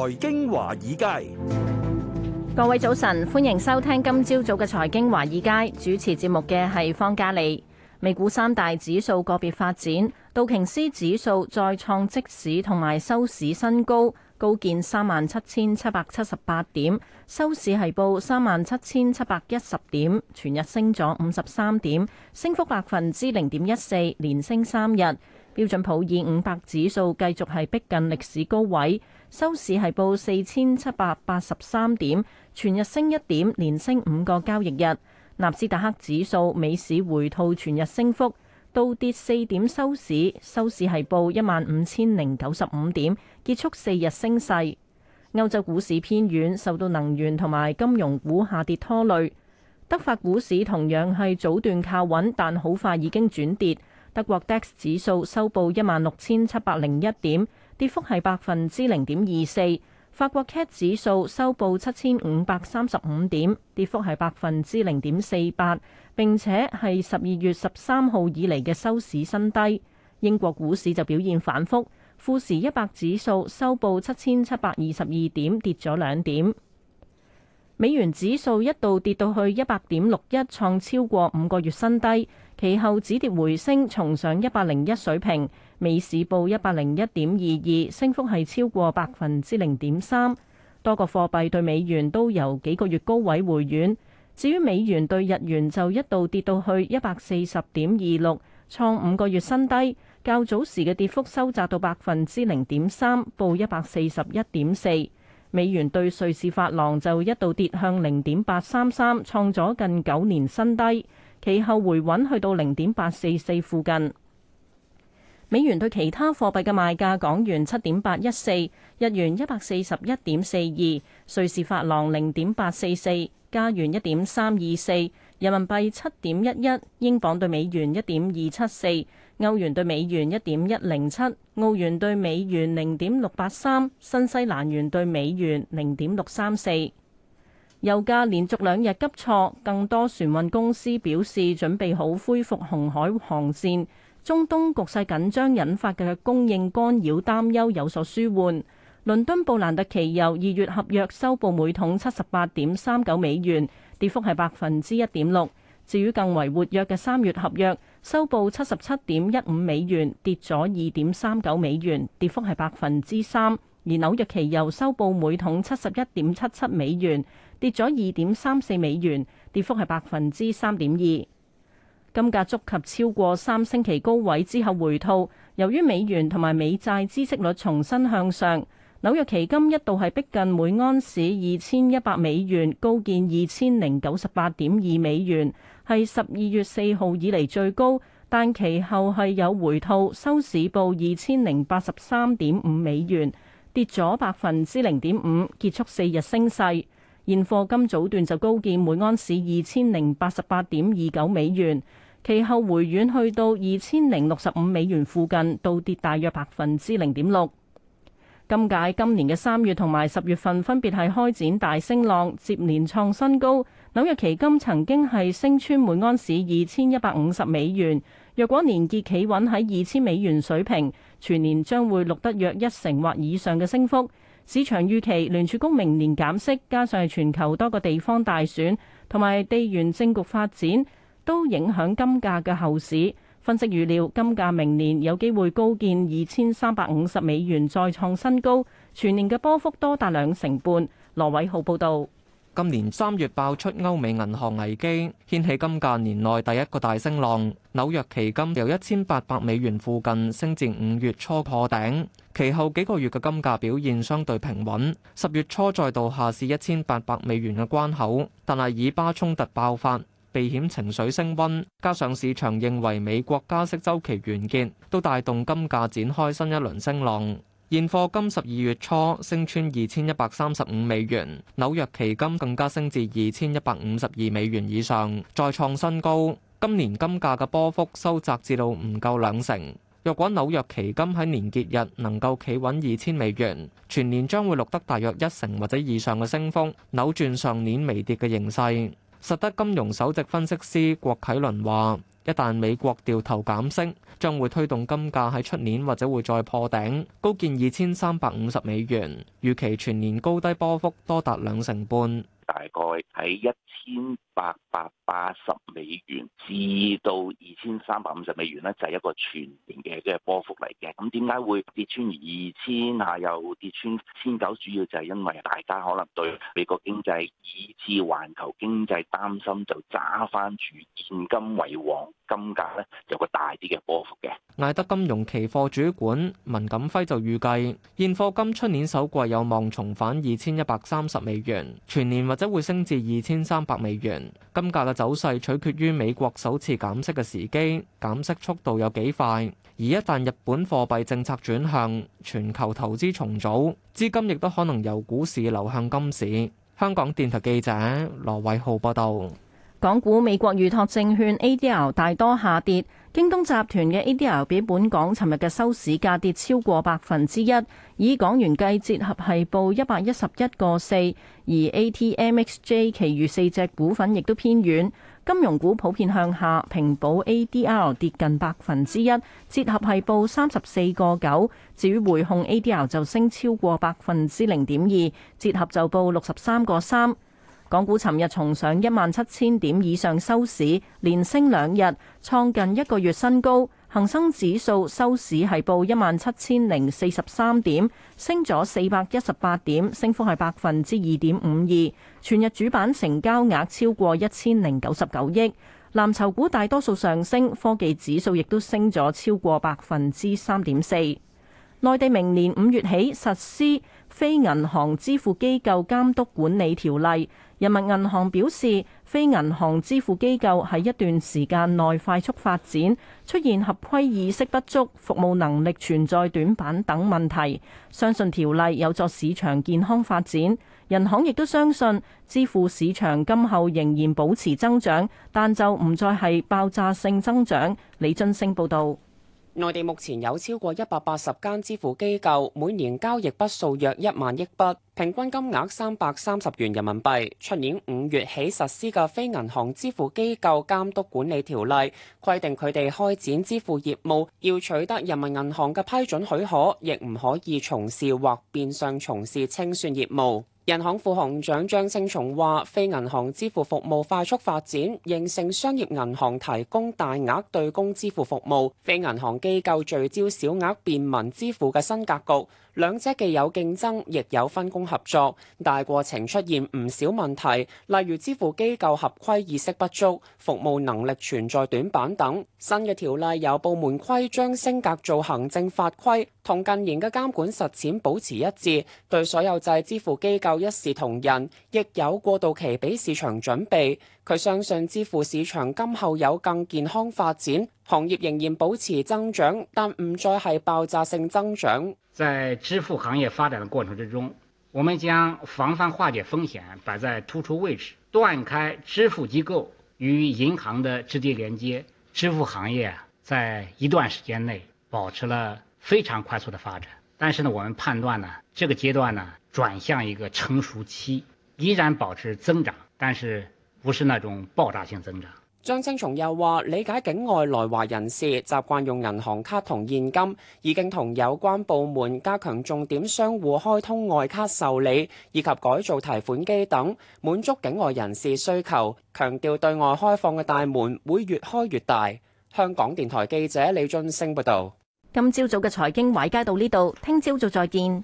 財經華爾街，各位早晨，歡迎收聽今朝早嘅財經華爾街，主持節目嘅係方嘉利。美股三大指數個別發展，道瓊斯指數再創即市同埋收市新高，高見三萬七千七百七十八點，收市係報三萬七千七百一十點，全日升咗五十三點，升幅百分之零點一四，連升三日。標準普爾五百指數繼續係逼近歷史高位。收市係報四千七百八十三點，全日升一點，連升五個交易日。納斯達克指數美市回吐，全日升幅倒跌四點收市，收市收市係報一萬五千零九十五點，結束四日升勢。歐洲股市偏軟，受到能源同埋金融股下跌拖累。德法股市同樣係早段靠穩，但好快已經轉跌。德國 DAX 指數收報一萬六千七百零一點。跌幅係百分之零點二四，法國 CAC 指數收報七千五百三十五點，跌幅係百分之零點四八，並且係十二月十三號以嚟嘅收市新低。英國股市就表現反覆，富時一百指數收報七千七百二十二點，跌咗兩點。美元指數一度跌到去一百點六一，創超過五個月新低。其後止跌回升，重上一百零一水平，美市報一百零一點二二，升幅係超過百分之零點三。多個貨幣兌美元都由幾個月高位回軟。至於美元兌日元就一度跌到去一百四十點二六，創五個月新低。較早時嘅跌幅收窄到百分之零點三，報一百四十一點四。美元兌瑞士法郎就一度跌向零點八三三，創咗近九年新低。其後回穩，去到零點八四四附近。美元對其他貨幣嘅賣價：港元七點八一四，日元一百四十一點四二，瑞士法郎零點八四四，加元一點三二四，人民幣七點一一，英鎊對美元一點二七四，歐元對美元一點一零七，澳元對美元零點六八三，新西蘭元對美元零點六三四。油價連續兩日急挫，更多船運公司表示準備好恢復紅海航線。中東局勢緊張引發嘅供應干擾，擾擔憂有所舒緩。倫敦布蘭特期油二月合約收報每桶七十八點三九美元，跌幅係百分之一點六。至於更為活躍嘅三月合約，收報七十七點一五美元，跌咗二點三九美元，跌幅係百分之三。而紐約期油收報每桶七十一點七七美元，跌咗二點三四美元，跌幅係百分之三點二。金價觸及超過三星期高位之後回吐，由於美元同埋美債孳息率重新向上，紐約期金一度係逼近每安士二千一百美元，高見二千零九十八點二美元，係十二月四號以嚟最高，但其後係有回吐，收市報二千零八十三點五美元。跌咗百分之零點五，結束四日升勢。現貨金早段就高見每盎司二千零八十八點二九美元，其後回軟去到二千零六十五美元附近，倒跌大約百分之零點六。今屆今年嘅三月同埋十月份分別係開展大升浪，接連創新高。紐約期金曾經係升穿每安士二千一百五十美元，若果年結企穩喺二千美元水平，全年將會錄得約一成或以上嘅升幅。市場預期聯儲局明年減息，加上係全球多個地方大選同埋地緣政局發展都影響金價嘅後市。分析預料金價明年有機會高見二千三百五十美元再創新高，全年嘅波幅多達兩成半。羅偉浩報導。今年三月爆出歐美銀行危機，掀起金價年內第一個大升浪。紐約期金由一千八百美元附近升至五月初破頂，其後幾個月嘅金價表現相對平穩，十月初再度下試一千八百美元嘅關口，但係以巴衝突爆發，避險情緒升溫，加上市場認為美國加息周期完結，都帶動金價展開新一輪升浪。現貨金十二月初升穿二千一百三十五美元，紐約期金更加升至二千一百五十二美元以上，再創新高。今年金價嘅波幅收窄至到唔夠兩成。若果紐約期金喺年結日能夠企穩二千美元，全年將會錄得大約一成或者以上嘅升幅，扭轉上年微跌嘅形勢。實德金融首席分析師郭啟麟話。一旦美國掉頭減息，將會推動金價喺出年或者會再破頂，高見二千三百五十美元，預期全年高低波幅多達兩成半。大概喺一千八百八十美元至到二千三百五十美元呢，就係一個全年嘅嘅波幅嚟嘅。咁點解會跌穿二千啊？又跌穿千九，主要就係因為大家可能對美國經濟以至環球經濟擔心，就揸翻住現金為王，金價呢，有個大啲嘅波幅嘅。艾德金融期貨主管文錦輝就預計現貨金出年首季有望重返二千一百三十美元，全年或或者會升至二千三百美元。金價嘅走勢取決於美國首次減息嘅時機，減息速度有幾快。而一旦日本貨幣政策轉向，全球投資重組，資金亦都可能由股市流向金市。香港電台記者羅偉浩報道。港股、美國預託證券 ADR 大多下跌，京東集團嘅 ADR 比本港尋日嘅收市價跌超過百分之一，以港元計，折合係報一百一十一個四。而 ATMXJ 其餘四隻股份亦都偏軟，金融股普遍向下，平保 ADR 跌近百分之一，折合係報三十四個九。至於匯控 ADR 就升超過百分之零點二，折合就報六十三個三。港股尋日重上一萬七千點以上收市，連升兩日，創近一個月新高。恒生指數收市係報一萬七千零四十三點，升咗四百一十八點，升幅係百分之二點五二。全日主板成交額超過一千零九十九億。藍籌股大多數上升，科技指數亦都升咗超過百分之三點四。內地明年五月起實施《非銀行支付機構監督管理條例》。人民銀行表示，非銀行支付機構喺一段時間內快速發展，出現合規意識不足、服務能力存在短板等問題，相信條例有助市場健康發展。人行亦都相信，支付市場今後仍然保持增長，但就唔再係爆炸性增長，李俊升報道。內地目前有超過一百八十間支付機構，每年交易筆數約一萬億筆，平均金額三百三十元人民幣。出年五月起實施嘅非銀行支付機構監督管理條例，規定佢哋開展支付業務要取得人民銀行嘅批準許可，亦唔可以從事或變相從事清算業務。人行副行長張青松話，非銀行支付服務快速發展，形成商業銀行提供大額對公支付服務、非銀行機構聚焦小額便民支付嘅新格局。兩者既有競爭，亦有分工合作，但係過程出現唔少問題，例如支付機構合規意識不足、服務能力存在短板等。新嘅條例由部門規章升格做行政法規，同近年嘅監管實踐保持一致，對所有制支付機構一視同仁，亦有過渡期俾市場準備。佢相信支付市場今後有更健康發展，行業仍然保持增長，但唔再係爆炸性增長。在支付行業發展的過程之中，我們將防範化解風險擺在突出位置，斷開支付機構與銀行的直接連接。支付行業啊，在一段時間內保持了非常快速的發展，但是呢，我們判斷呢，這個階段呢轉向一個成熟期，依然保持增長，但是。不是那種爆炸性增長。張青松又話：理解境外來華人士習慣用銀行卡同現金，已經同有關部門加強重點商戶開通外卡受理以及改造提款機等，滿足境外人士需求。強調對外開放嘅大門會越開越大。香港電台記者李俊升報道。今朝早嘅財經華爾街到呢度，聽朝早再見。